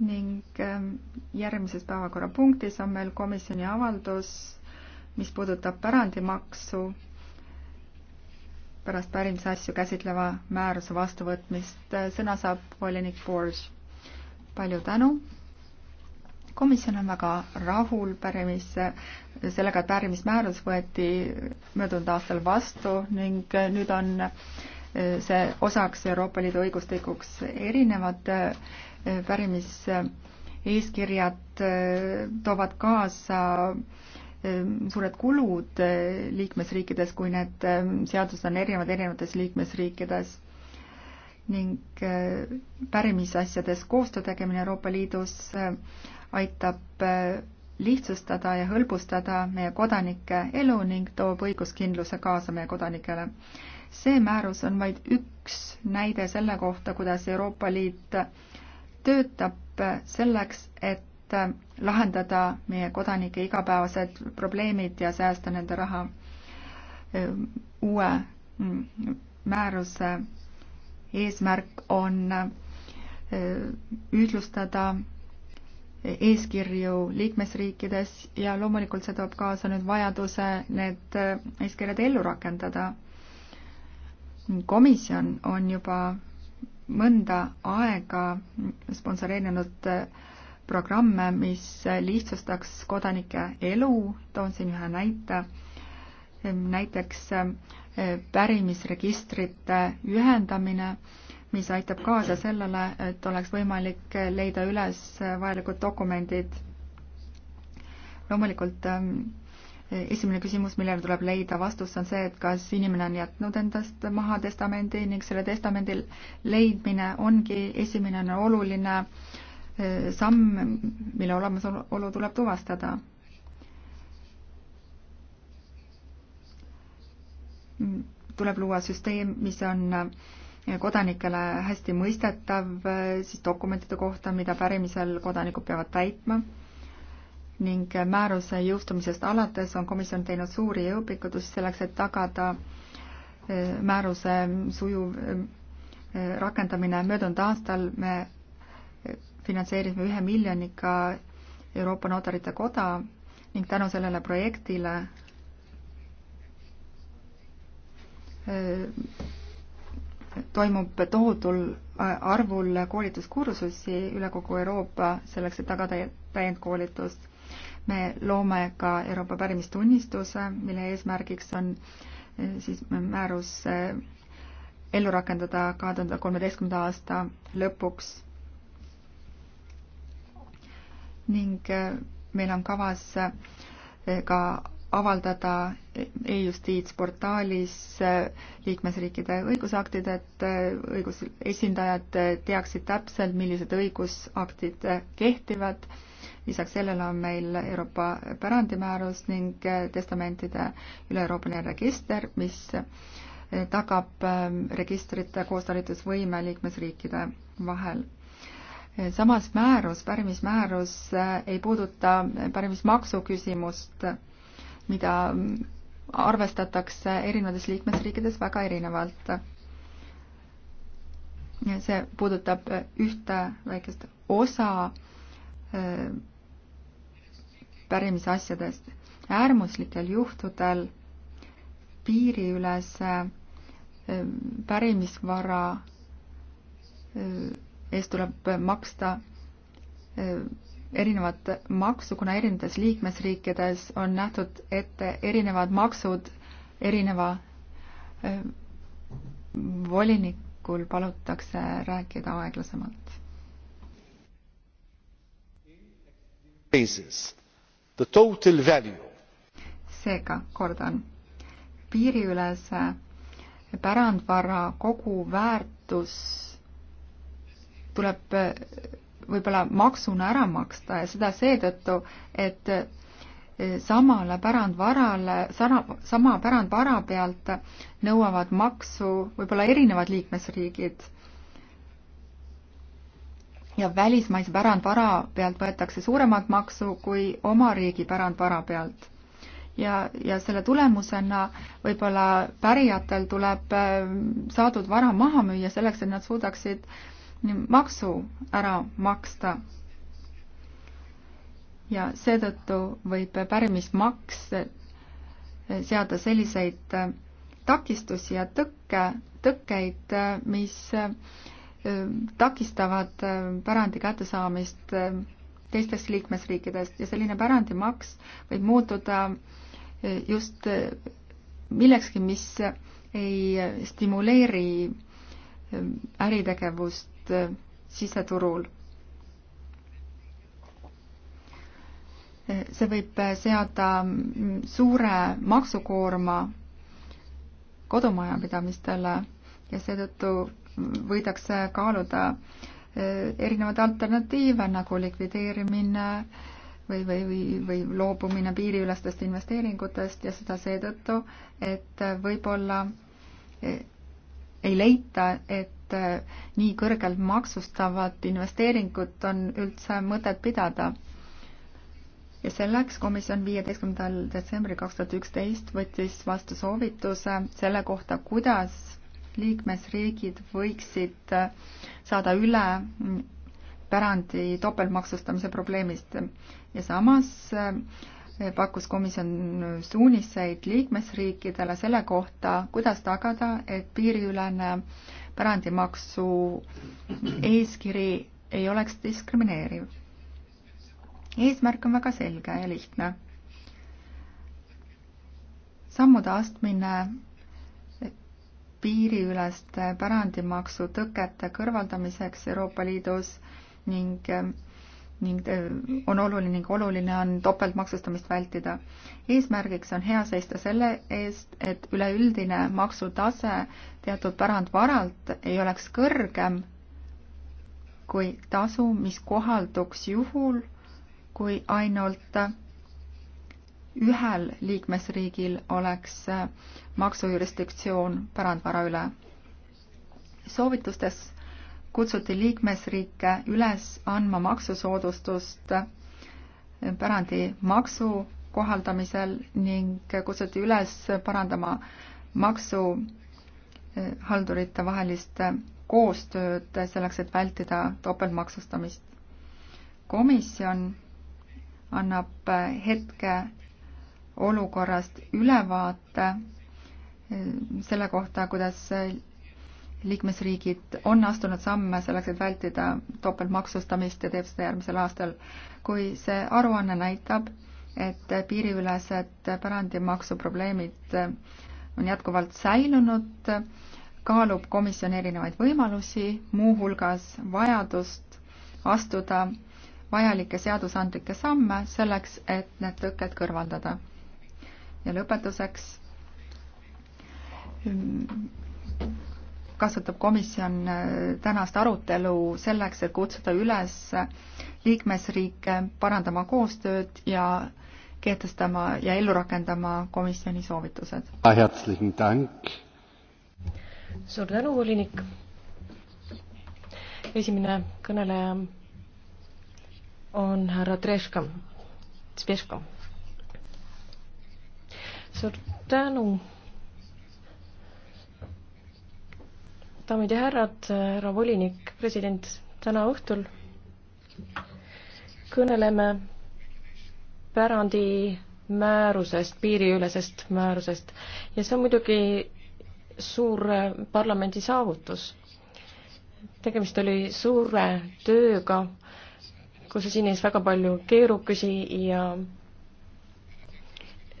ning ähm, järgmises päevakorrapunktis on meil komisjoni avaldus, mis puudutab pärandimaksu pärast pärimise asju käsitleva määruse vastuvõtmist. Äh, sõna saab volinik Borž. palju tänu komisjon on väga rahul pärimisse, sellega, et pärimismäärus võeti möödunud aastal vastu ning äh, nüüd on äh, see osaks Euroopa Liidu õigustikuks. erinevad pärimiseeskirjad äh, toovad kaasa äh, suured kulud äh, liikmesriikides, kui need seadused on erinevad erinevates liikmesriikides ning pärimisasjades koostöö tegemine Euroopa Liidus aitab lihtsustada ja hõlbustada meie kodanike elu ning toob õiguskindluse kaasa meie kodanikele. see määrus on vaid üks näide selle kohta, kuidas Euroopa Liit töötab selleks, et lahendada meie kodanike igapäevased probleemid ja säästa nende raha uue määruse eesmärk on ühtlustada eeskirju liikmesriikides ja loomulikult see toob kaasa nüüd vajaduse need eeskirjad ellu rakendada. komisjon on juba mõnda aega sponsoreerinud programme, mis lihtsustaks kodanike elu, toon siin ühe näite, näiteks eh, pärimisregistrite ühendamine, mis aitab kaasa sellele, et oleks võimalik leida üles vajalikud dokumendid. loomulikult ehm, esimene küsimus, millele tuleb leida vastus, on see, et kas inimene on jätnud endast maha testamendi ning selle testamendi leidmine ongi esimene oluline e, samm, mille olemasolu tuleb tuvastada. tuleb luua süsteem, mis on kodanikele hästi mõistetav e, siis dokumentide kohta, mida pärimisel kodanikud peavad täitma ning määruse jõustumisest alates on komisjon teinud suuri jõupikutusi selleks, et tagada eh, määruse sujuv eh, eh, rakendamine. möödunud aastal me finantseerisime ühe miljoniga Euroopa Notarite Koda ning tänu sellele projektile toimub tohutul arvul koolituskursusi üle kogu Euroopa selleks, et tagada täiendkoolitust me loome ka Euroopa pärimistunnistuse, mille eesmärgiks on eh, siis määrus eh, ellu rakendada kahe tuhande kolmeteistkümnenda aasta lõpuks. ning eh, meil on kavas ka avaldada e-justiitsportaalis liikmesriikide õigusaktid, et õigusesindajad teaksid täpselt, millised õigusaktid kehtivad lisaks sellele on meil Euroopa pärandimäärus ning testamentide üle-Euroopaline register, mis tagab ähm, registrite koostalitusvõime liikmesriikide vahel. samas määrus, pärimismäärus äh, ei puuduta pärimismaksu küsimust, mida ähm, arvestatakse erinevates liikmesriikides väga erinevalt. see puudutab ühte väikest osa äh, pärimise asjadest. äärmuslikel juhtudel piiriülese eh, pärimisvara eh, eest tuleb maksta eh, erinevat maksu, kuna erinevates liikmesriikides on nähtud ette erinevad maksud erineva volinikul palutakse rääkida aeglasemalt the total value. seega kordan, piiriülese pärandvara koguväärtus tuleb eh, võib-olla maksuna ära maksta ja seda seetõttu, et eh, samale pärandvarale, sama pärandvara pealt nõuavad maksu võib-olla erinevad liikmesriigid ja välismaise pärandvara pealt võetakse suuremat maksu kui oma riigi pärandvara pealt. ja, ja selle tulemusena võib-olla pärijatel tuleb äh, saadud vara maha müüa selleks, et nad suudaksid maksu ära maksta. ja seetõttu võib pärimismaks seada selliseid äh, takistusi ja tõkke, tõkkeid, äh, mis takistavad äh, pärandi kättesaamist äh, teistest liikmesriikidest ja selline pärandimaks võib muutuda äh, just millekski, mis ei stimuleeri äritegevust siseturul. see võib seada mm, suure maksukoorma kodumajapidamistele ja seetõttu võidakse kaaluda eh, erinevaid alternatiive nagu likvideerimine või, või, või, või loobumine piiriülestest investeeringutest ja seda seetõttu, et võib-olla eh, ei leita, et eh, nii kõrgelt maksustavat investeeringut on üldse mõtet pidada. ja selleks komisjon viieteistkümnendal detsembril kaks tuhat üksteist võttis vastu soovituse selle kohta, kuidas liikmesriigid võiksid äh, saada üle mm, pärandi topeltmaksustamise probleemist ja samas äh, pakkus komisjon suuniseid liikmesriikidele selle kohta, kuidas tagada, et piiriülene pärandimaksu eeskiri ei oleks diskrimineeriv. eesmärk on väga selge ja lihtne. sammude astmine piiriüleste pärandimaksu tõkete kõrvaldamiseks Euroopa Liidus ning ning äh, on oluline ning oluline on topeltmaksustamist vältida. eesmärgiks on hea seista selle eest, et üleüldine maksutase teatud pärandvaralt ei oleks kõrgem kui tasu, mis kohalduks juhul, kui ainult ühel liikmesriigil oleks äh, maksujurisdiktsioon pärandvara üle. soovitustes kutsuti liikmesriike üles andma maksusoodustust äh, pärandimaksu kohaldamisel ning kutsuti üles parandama maksuhaldurite äh, vahelist koostööd selleks, et vältida topeltmaksustamist. komisjon annab hetke olukorrast ülevaate eh, selle kohta, kuidas liikmesriigid on astunud samme selleks, et vältida topeltmaksustamist ja teeb seda järgmisel aastal. kui see aruanne näitab, et piiriülesed pärandimaksu probleemid eh, on jätkuvalt säilunud, kaalub komisjon erinevaid võimalusi, muuhulgas vajadust astuda vajalikke seadusandlikke samme selleks, et need tõkked kõrvaldada ja lõpetuseks mm, kasutab komisjon äh, tänast arutelu selleks, et kutsuda üles liikmesriike parandama koostööd ja kehtestama ja ellu rakendama komisjoni soovitused. Ah, suur tänu, volinik. esimene kõneleja on härra Treška, Speško suur tänu. daamid ja härrad, härra volinik, president, täna õhtul kõneleme pärandi määrusest, piiriülesest määrusest ja see on muidugi suur parlamendi saavutus. tegemist oli suure tööga, kus esines väga palju keeruküsi ja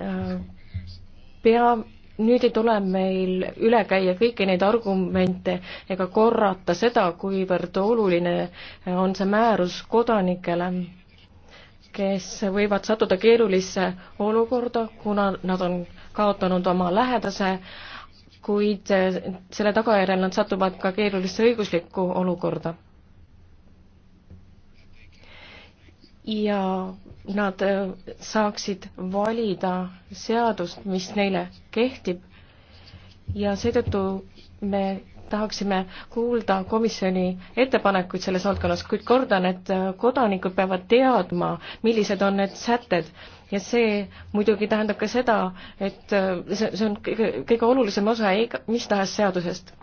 äh, pea, nüüd ei tule meil üle käia kõiki neid argumente ega korrata seda, kuivõrd oluline on see määrus kodanikele, kes võivad sattuda keerulisse olukorda, kuna nad on kaotanud oma lähedase, kuid selle tagajärjel nad satuvad ka keerulisse õiguslikku olukorda. ja nad äh, saaksid valida seadust, mis neile kehtib ja seetõttu me tahaksime kuulda komisjoni ettepanekuid selles valdkonnas, kuid kordan, et äh, kodanikud peavad teadma, millised on need sätted ja see muidugi tähendab ka seda, et äh, see, see on kõige, kõige olulisem osa iga, mis tahes seadusest.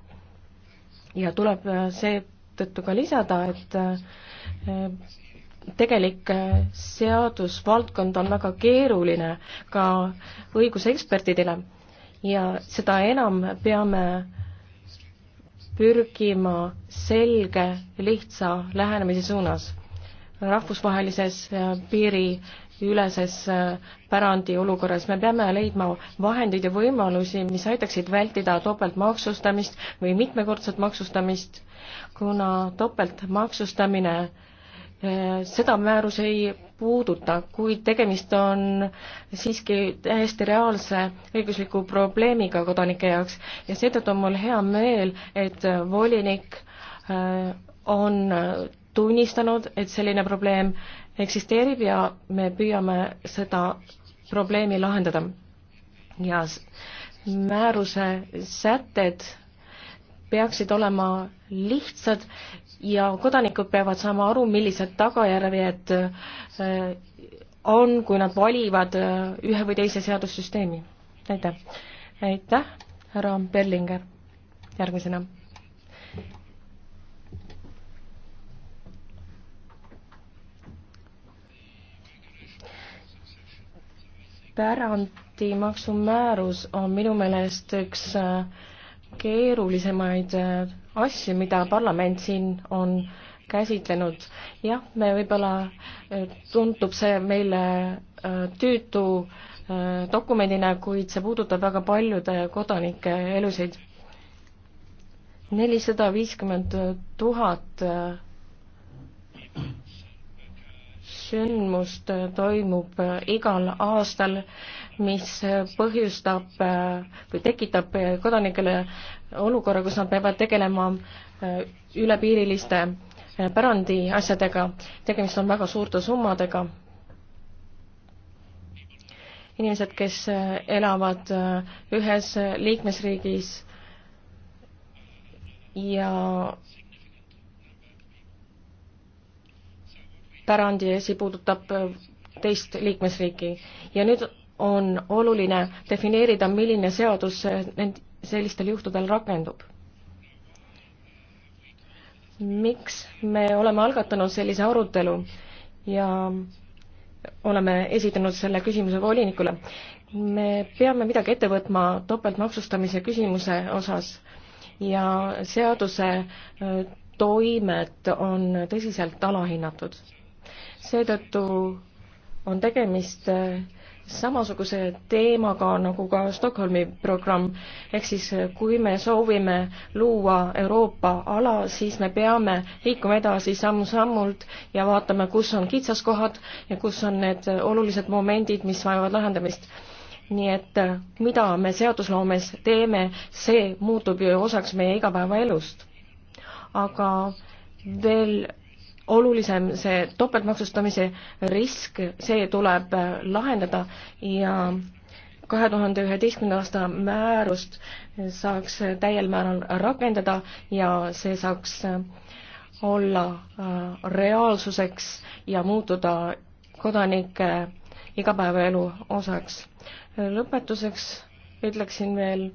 ja tuleb seetõttu ka lisada, et tegelik äh, seadusvaldkond on väga keeruline ka õigusekspertidele ja seda enam peame pürgima selge, lihtsa lähenemise suunas rahvusvahelises äh, piiriüleses äh, pärandi olukorras. me peame leidma vahendeid ja võimalusi, mis aitaksid vältida topeltmaksustamist või mitmekordset maksustamist, kuna topeltmaksustamine Äh, seda määrus ei puuduta, kuid tegemist on siiski täiesti reaalse õigusliku probleemiga kodanike jaoks ja seetõttu on mul hea meel, et volinik äh, on tunnistanud, et selline probleem eksisteerib ja me püüame seda probleemi lahendada. ja määruse sätted peaksid olema lihtsad ja kodanikud peavad saama aru, millised tagajärjed äh, on, kui nad valivad äh, ühe või teise seadussüsteemi. aitäh. aitäh, härra Berlinger, järgmisena. pärandimaksumäärus on minu meelest üks äh, keerulisemaid äh, asju, mida parlament siin on käsitlenud. jah, me võib-olla, äh, tundub see meile äh, tüütu dokumendina, kuid see puudutab väga paljude kodanike elusid. nelisada viiskümmend tuhat sündmust toimub igal aastal, mis põhjustab või tekitab kodanikele olukorra, kus nad peavad tegelema äh, ülepiiriliste äh, pärandiasjadega, tegemist on väga suurte summadega. inimesed, kes äh, elavad ühes liikmesriigis ja pärandi ja asi puudutab äh, teist liikmesriiki. ja nüüd on oluline defineerida, milline seadus äh, nend-, sellistel juhtudel rakendub. miks me oleme algatanud sellise arutelu ja oleme esitanud selle küsimuse volinikule. me peame midagi ette võtma topeltmaksustamise küsimuse osas ja seaduse äh, toimed on tõsiselt alahinnatud seetõttu on tegemist eh, samasuguse teemaga nagu ka Stockholmi programm, ehk siis eh, kui me soovime luua Euroopa ala, siis me peame liikuma edasi samm-sammult ja vaatama, kus on kitsaskohad ja kus on need eh, olulised momendid, mis vajavad lahendamist. nii et mida me seadusloomes teeme, see muutub ju osaks meie igapäevaelust. aga veel olulisem see topeltmaksustamise risk, see tuleb äh, lahendada ja kahe tuhande üheteistkümnenda aasta määrust saaks täiel määral rakendada ja see saaks äh, olla äh, reaalsuseks ja muutuda kodanike igapäevaelu osaks. lõpetuseks ütleksin veel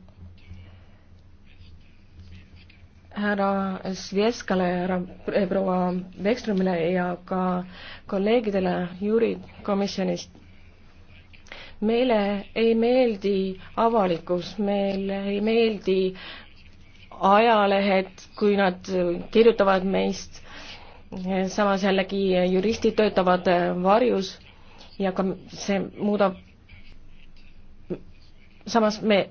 härra Svjeskale, härra eh, proua Vekstrumile ja ka kolleegidele juuri komisjonist. meile ei meeldi avalikkus, meile ei meeldi ajalehed, kui nad kirjutavad meist, samas jällegi juristid töötavad varjus ja ka see muudab, samas me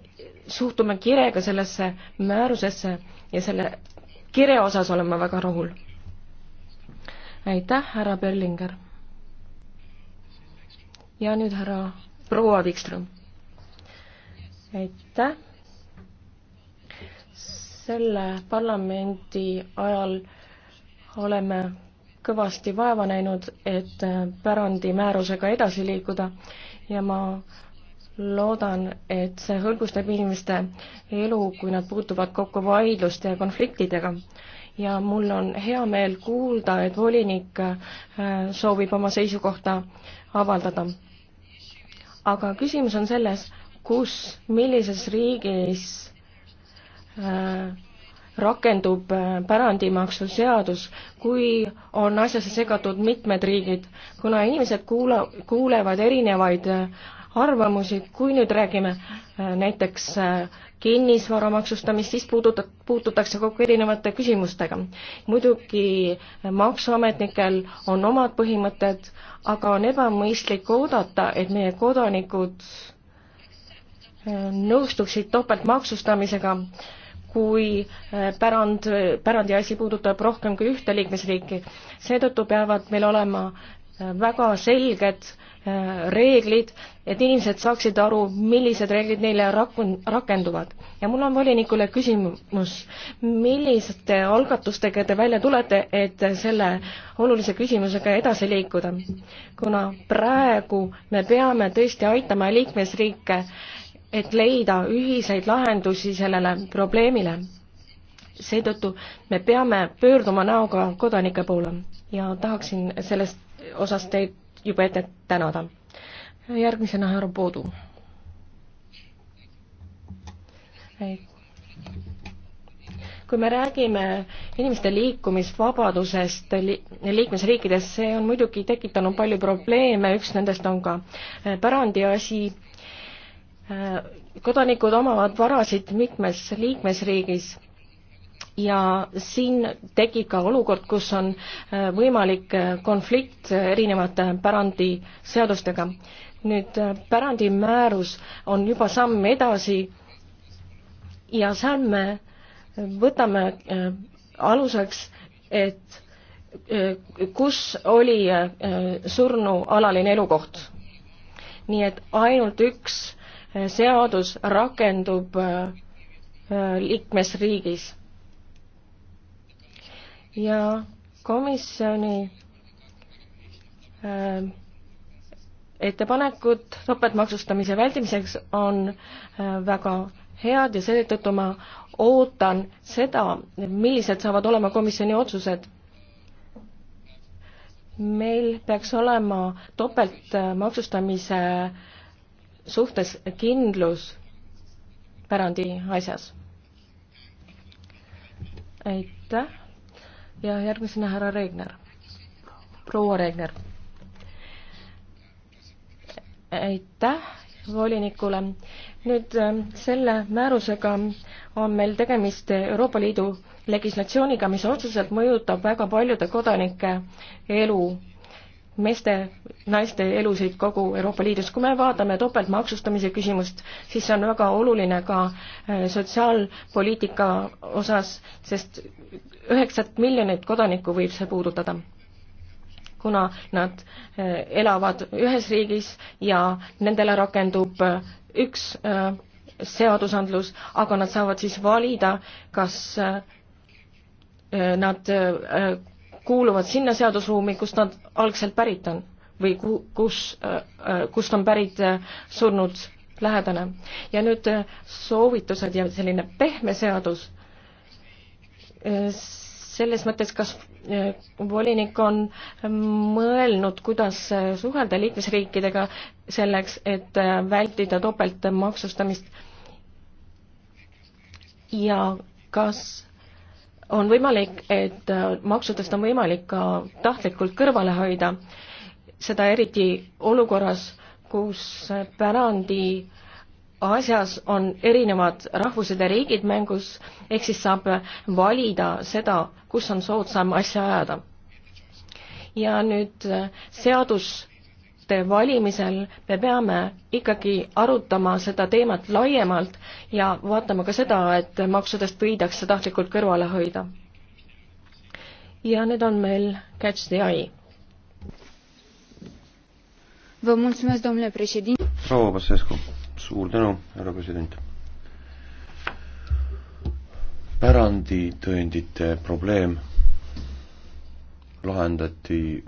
suhtume kirega sellesse määrusesse ja selle kire osas olen ma väga rahul. aitäh, härra Berlinger. ja nüüd härra proua Wikström. aitäh. selle parlamendi ajal oleme kõvasti vaeva näinud, et pärandimäärusega edasi liikuda ja ma loodan, et see hõlgustab inimeste elu, kui nad puutuvad kokku vaidluste ja konfliktidega. ja mul on hea meel kuulda, et volinik äh, soovib oma seisukohta avaldada. aga küsimus on selles, kus, millises riigis äh, rakendub äh, pärandimaksuseadus, kui on asjasse segatud mitmed riigid, kuna inimesed kuula-, kuulevad erinevaid arvamusi, kui nüüd räägime äh, näiteks äh, kinnisvara maksustamist, siis puudutab, puututakse kokku erinevate küsimustega. muidugi äh, maksuametnikel on omad põhimõtted, aga on ebamõistlik oodata, et meie kodanikud nõustuksid topeltmaksustamisega, kui pärand, pärandiasi puudutab rohkem kui ühte liikmesriiki. seetõttu peavad meil olema väga selged äh, reeglid, et inimesed saaksid aru, millised reeglid neile rakun-, rakenduvad. ja mul on volinikule küsimus, milliste algatustega te välja tulete, et selle olulise küsimusega edasi liikuda? kuna praegu me peame tõesti aitama liikmesriike, et leida ühiseid lahendusi sellele probleemile. seetõttu me peame pöörduma näoga kodanike poole ja tahaksin sellest osas teid juba ette tänada. järgmisena härra Poodu. kui me räägime inimeste liikumisvabadusest li-, liikmesriikides, see on muidugi tekitanud palju probleeme, üks nendest on ka äh, pärandiasi, äh, kodanikud omavad varasid mitmes liikmesriigis ja siin tekib ka olukord, kus on äh, võimalik äh, konflikt äh, erinevate pärandiseadustega. nüüd pärandimäärus on juba samm edasi ja seal me võtame aluseks, et kus oli surnu alaline elukoht. nii et ainult üks seadus rakendub liikmesriigis ja komisjoni ähm, ettepanekud topeltmaksustamise vältimiseks on äh, väga head ja selle tõttu ma ootan seda, millised saavad olema komisjoni otsused. meil peaks olema topeltmaksustamise suhtes kindlus pärandi asjas. aitäh! ja järgmisena härra Regner, proua Regner. aitäh volinikule. nüüd ähm, selle määrusega on meil tegemist Euroopa Liidu legislatsiooniga, mis otseselt mõjutab väga paljude kodanike elu meeste, naiste elusid kogu Euroopa Liidus. kui me vaatame topeltmaksustamise küsimust, siis see on väga oluline ka äh, sotsiaalpoliitika osas, sest üheksat miljonit kodanikku võib see puudutada. kuna nad äh, elavad ühes riigis ja nendele rakendub äh, üks seadusandlus, aga nad saavad siis valida, kas nad kuuluvad sinna seadusruumi, kust nad algselt pärit on või ku-, kus, äh, äh, kust on pärit äh, surnud lähedane. ja nüüd soovitused ja selline pehme seadus, selles mõttes, kas volinik on mõelnud, kuidas suhelda liikmesriikidega selleks, et vältida topeltmaksustamist ja kas on võimalik, et äh, maksudest on võimalik ka tahtlikult kõrvale hoida, seda eriti olukorras, kus pärandi asjas on erinevad rahvused ja riigid mängus, ehk siis saab valida seda, kus on soodsam asja ajada. ja nüüd äh, seadus valitsuste valimisel me peame ikkagi arutama seda teemat laiemalt ja vaatama ka seda, et maksudest võidakse tahtlikult kõrvale hoida. ja nüüd on meil Catch the Eye. proua Vassescu, suur tänu, härra president päranditõendite probleem lahendati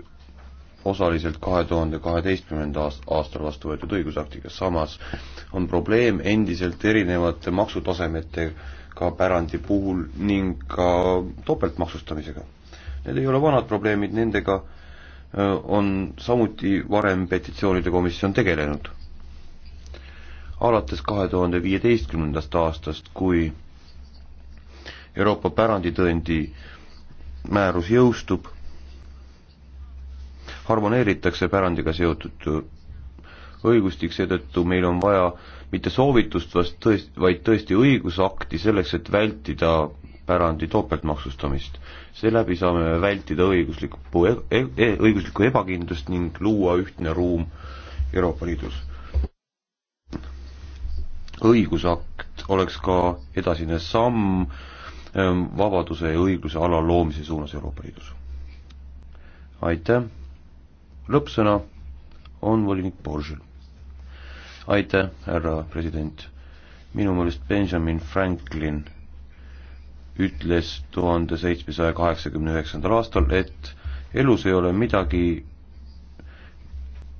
osaliselt kahe tuhande kaheteistkümnenda aastal vastu võetud õigusaktiga, samas on probleem endiselt erinevate maksutasemetega pärandi puhul ning ka topeltmaksustamisega. Need ei ole vanad probleemid, nendega on samuti varem petitsioonide komisjon tegelenud. alates kahe tuhande viieteistkümnendast aastast, kui Euroopa päranditõendi määrus jõustub, harmoneeritakse pärandiga seotud õigustik, seetõttu meil on vaja mitte soovitust, vaid tõesti, vaid tõesti õigusakti selleks, et vältida pärandi topeltmaksustamist. seeläbi saame vältida õiguslikku e-, e, e, õiguslikku ebakindlust ning luua ühtne ruum Euroopa Liidus. õigusakt oleks ka edasine samm ehm, vabaduse ja õigluse ala loomise suunas Euroopa Liidus. aitäh! lõppsõna on volinik Boržel. aitäh, härra president. minu meelest Benjamin Franklin ütles tuhande seitsmesaja kaheksakümne üheksandal aastal, et elus ei ole midagi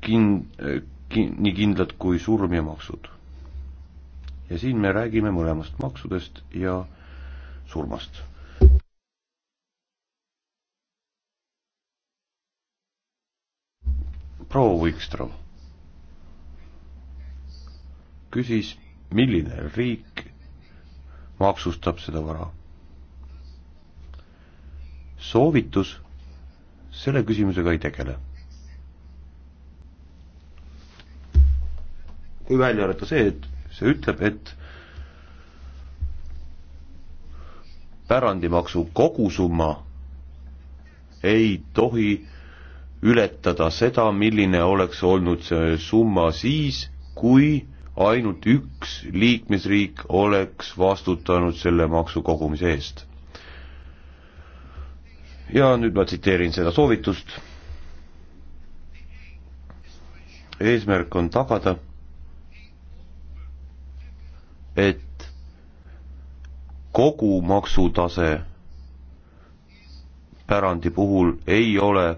kin-, kin-, nii kindlat kui surm ja maksud. ja siin me räägime mõlemast maksudest ja surmast proua Wikström küsis, milline riik maksustab seda vara. soovitus selle küsimusega ei tegele. kui välja arvata see, et see ütleb, et pärandimaksu kogusumma ei tohi ületada seda, milline oleks olnud see summa siis, kui ainult üks liikmesriik oleks vastutanud selle maksu kogumise eest. ja nüüd ma tsiteerin seda soovitust. eesmärk on tagada, et kogu maksutase pärandi puhul ei ole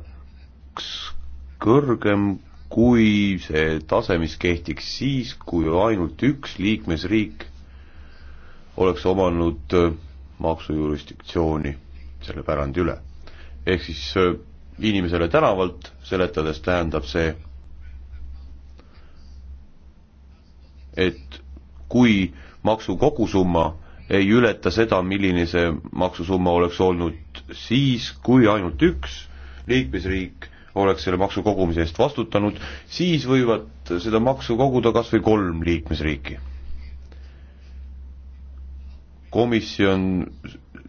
maks kõrgem kui see tase, mis kehtiks siis, kui ainult üks liikmesriik oleks omanud äh, maksujurisdiktsiooni selle pärandi üle. ehk siis äh, inimesele tänavalt seletades tähendab see, et kui maksu kogusumma ei ületa seda, milline see maksusumma oleks olnud siis, kui ainult üks liikmesriik oleks selle maksu kogumise eest vastutanud, siis võivad seda maksu koguda kas või kolm liikmesriiki. komisjon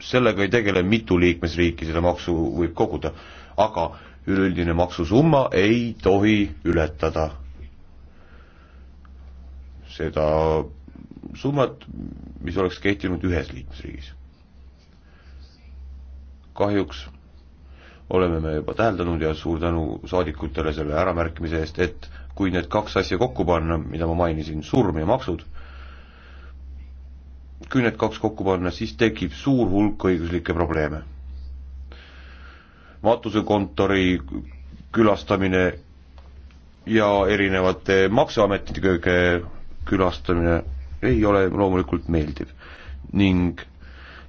sellega ei tegele, mitu liikmesriiki seda maksu võib koguda, aga üleüldine maksusumma ei tohi ületada seda summat, mis oleks kehtinud ühes liikmesriigis. kahjuks oleme me juba täheldanud ja suur tänu saadikutele selle äramärkimise eest, et kui need kaks asja kokku panna, mida ma mainisin, surm ja maksud, kui need kaks kokku panna, siis tekib suur hulk õiguslikke probleeme. matusekontori külastamine ja erinevate makseametitega külastamine ei ole loomulikult meeldiv ning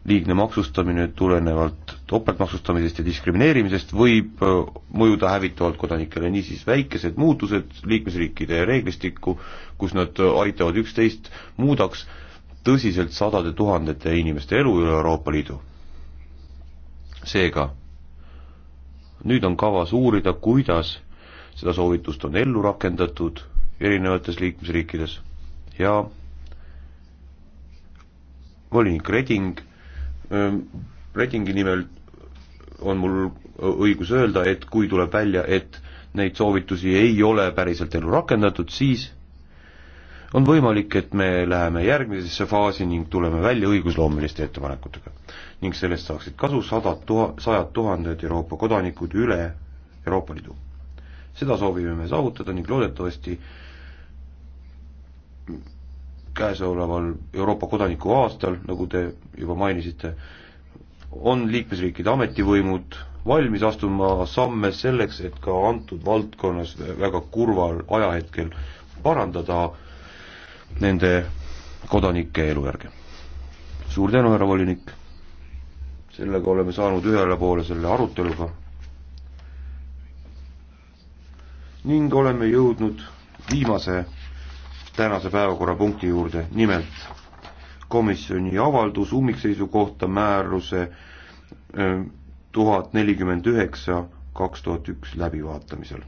liigne maksustamine tulenevalt topeltmaksustamisest ja diskrimineerimisest võib mõjuda hävitavalt kodanikele, niisiis väikesed muutused liikmesriikide reeglistikku, kus nad aitavad üksteist, muudaks tõsiselt sadade tuhandete inimeste elu üle Euroopa Liidu. seega, nüüd on kavas uurida, kuidas seda soovitust on ellu rakendatud erinevates liikmesriikides ja volinik Reding Redingi nimel on mul õigus öelda, et kui tuleb välja, et neid soovitusi ei ole päriselt ellu rakendatud, siis on võimalik, et me läheme järgmisesse faasi ning tuleme välja õigusloomeliste ettepanekutega. ning sellest saaksid kasu sadad tuha-, sajad tuhanded Euroopa kodanikud üle Euroopa Liidu. seda soovime me saavutada ning loodetavasti käesoleval Euroopa kodanikuaastal, nagu te juba mainisite, on liikmesriikide ametivõimud valmis astuma samme selleks, et ka antud valdkonnas väga kurval ajahetkel parandada nende kodanike elujärge. suur tänu, härra volinik, sellega oleme saanud ühele poole selle aruteluga ning oleme jõudnud viimase tänase päevakorrapunkti juurde, nimelt komisjoni avaldus ummikseisu kohta määruse äh, tuhat nelikümmend üheksa kaks tuhat üks läbivaatamisel